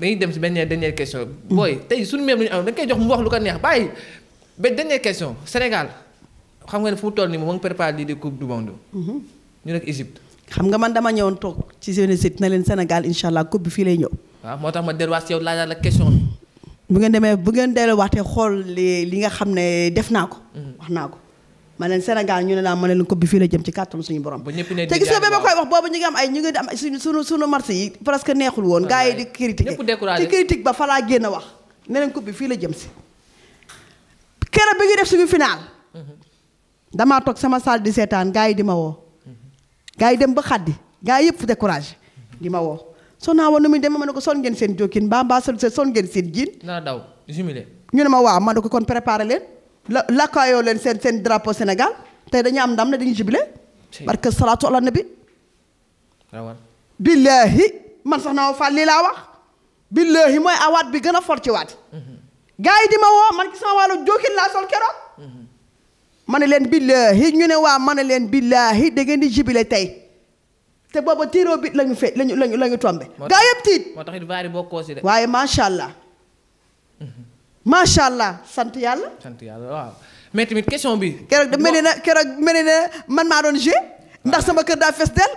dañuy dem si benn dernière question. booy tey suñu même lu ñu am dañ koy jox mu wax lu ko neex bàyyi ba dernière question Sénégal xam nga ne fu tool ni nii moom mu ngi préparé lii di coupe du monde. Mhm. ñu nekk Égypte. xam nga man dama ñëwoon toog ci seen site na leen Sénégal incha allah coupe bi fii lay ñëw. waaw moo tax ma delluwaat si yow laajaat la question bu ngeen demee bu ngeen waxtee xool li li nga xam ne def naa ko. Mhm. wax naa ko. ma leen Sénégal ñu ne naa ma leen ko bi fii la jëm ci kàttan suñu borom te gis nga ba ma koy wax boobu ñu ngi am ay ñu ngi am suñu suñu suñu yi presque neexul woon gars yi di critiquer ci critique ba falaa génn wax ne leen ko bi fii la jëm si keroog bi ngi def suñu final mm-hmm. damaa toog sama salle di seetaan gaa yi di ma woo mm-hmm. gars yi dem ba xaddi gars yi yëpp découragé mm-hmm. di ma woo soo naa woon nu muy demee ma ne ko son ngeen seen jokkin mbaa mbaa son ngeen seen jiin. naa daw jumelé. ñu ne ma waaw ma ne ko kon préparé leen. la lakkaayoo leen seen seen drapo Sénégal tey dañu am ndam na dañu jubilé. parce que salaatu ala nabi. billaahi man sax na ma fàl lii laa wax. billaahi mooy awaat bi gën a fort ci waat. Mm-hmm. gars yi di ma woo man ci sama wàllu jokkin laa sol keroog. Mm-hmm. ma ne leen billaahi ñu ne waa ma ne leen billaahi da ngeen di jubilé tey. te booba tiiroo bi lañu fe lañu lañu la ñu tombé. gaa yëpp tiit moo tax it vaar yi waaye macha allah. macha allah sant yàlla. waaw mais tamit question bi. keroog da mel keroog mel ne man maa doon joué ndax sama kër daa fees del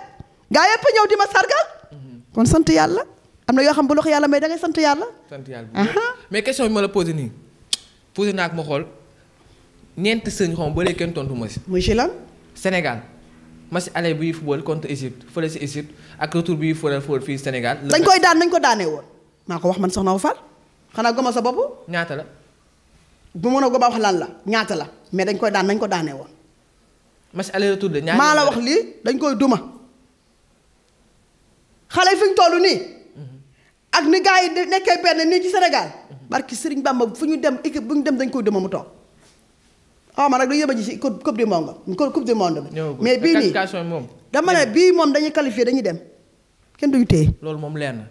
gaa yëpp ñëw di sargal. Mhm. kon sant yàlla am na yoo xam bu loxo yàlla may da sant yàlla. sant mais question bi ma la posé nii posé naa ak ma xool ñeenti sëñ xaw ma ba kenn tontu ma si. muy si lan. Sénégal match aller bi football contre Égypte fële si Égypte ak retour bi football fii Sénégal. dañ koy daan dañ ko daanee woon maa ko wax man soxna Fall. xanaa goma sa bopp. ñaata la. bu mën a goma wax lan la ñaata la mais dañ koy daan nañ ko daanee woon. match aller retour de maa la wax lii dañ koy duma. xale fi ñu toll nii. Mhm. ak ni gaa yi nekkee benn nii ci Sénégal. barki Serigne Bamba fu ñu dem équipe bu ñu dem dañ koy duma mu toog. xaw ma nag dañu yëba ji ci coupe du monde coupe du monde bi. mais bii nii dama ne bii moom dañuy qualifié dañuy dem kenn duñu téye. loolu moom leer na.